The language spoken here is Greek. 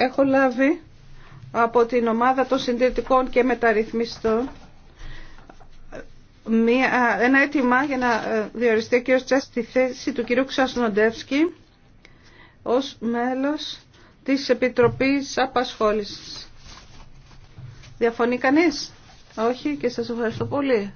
Έχω λάβει από την ομάδα των συντηρητικών και μεταρρυθμιστών μία, ένα αίτημα για να ε, διοριστεί ο κ. Τσάς στη θέση του κ. Ξασνοντεύσκη ως μέλος της Επιτροπής Απασχόλησης. Διαφωνεί κανείς? Όχι και σας ευχαριστώ πολύ.